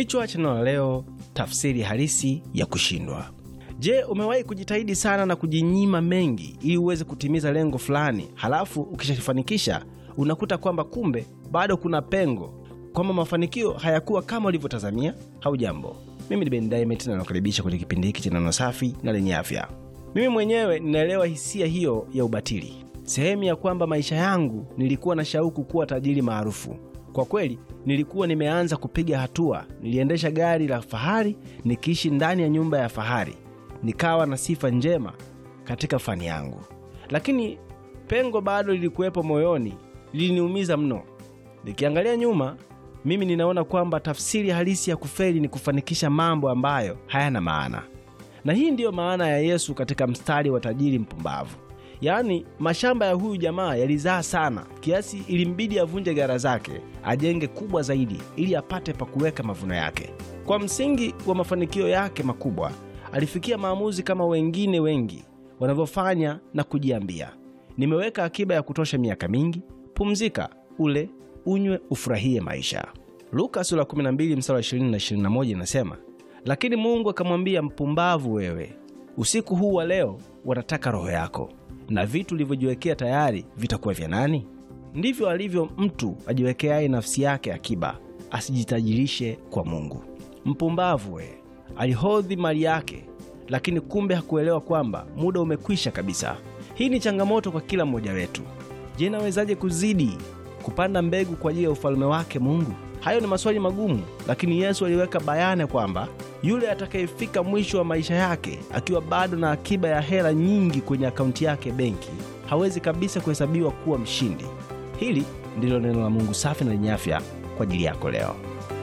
Kichwa cha neno la leo, tafsiri halisi ya kushindwa. Je, umewahi kujitahidi sana na kujinyima mengi ili uweze kutimiza lengo fulani, halafu ukishafanikisha unakuta kwamba kumbe bado kuna pengo, kwamba mafanikio hayakuwa kama ulivyotazamia? jambo mimi ni Ben Diamond na nakaribisha kwenye kipindi hiki cha neno safi na lenye afya. Mimi mwenyewe ninaelewa hisia hiyo ya ubatili, sehemu ya kwamba maisha yangu nilikuwa na shauku kuwa tajiri maarufu kwa kweli nilikuwa nimeanza kupiga hatua. Niliendesha gari la fahari, nikiishi ndani ya nyumba ya fahari, nikawa na sifa njema katika fani yangu, lakini pengo bado lilikuwepo moyoni, liliniumiza mno. Nikiangalia nyuma, mimi ninaona kwamba tafsiri halisi ya kufeli ni kufanikisha mambo ambayo hayana maana, na hii ndiyo maana ya Yesu katika mstari wa tajiri mpumbavu. Yaani mashamba ya huyu jamaa yalizaa sana kiasi ilimbidi avunje gara zake ajenge kubwa zaidi ili apate pa kuweka mavuno yake. Kwa msingi wa mafanikio yake makubwa, alifikia maamuzi kama wengine wengi wanavyofanya na kujiambia, nimeweka akiba ya kutosha miaka mingi, pumzika, ule, unywe, ufurahie maisha. Luka sura 12 mstari wa 20 na 21 inasema, lakini Mungu akamwambia, mpumbavu wewe, usiku huu wa leo wanataka roho yako na vitu ulivyojiwekea tayari vitakuwa vya nani? Ndivyo alivyo mtu ajiwekeaye nafsi yake akiba, asijitajirishe kwa Mungu. Mpumbavu we! Alihodhi mali yake, lakini kumbe hakuelewa kwamba muda umekwisha kabisa. Hii ni changamoto kwa kila mmoja wetu. Je, nawezaje kuzidi kupanda mbegu kwa ajili ya ufalume wake Mungu? Hayo ni maswali magumu, lakini Yesu aliweka bayana kwamba yule atakayefika mwisho wa maisha yake akiwa bado na akiba ya hela nyingi kwenye akaunti yake benki hawezi kabisa kuhesabiwa kuwa mshindi. Hili ndilo neno la Mungu safi na lenye afya kwa ajili yako leo.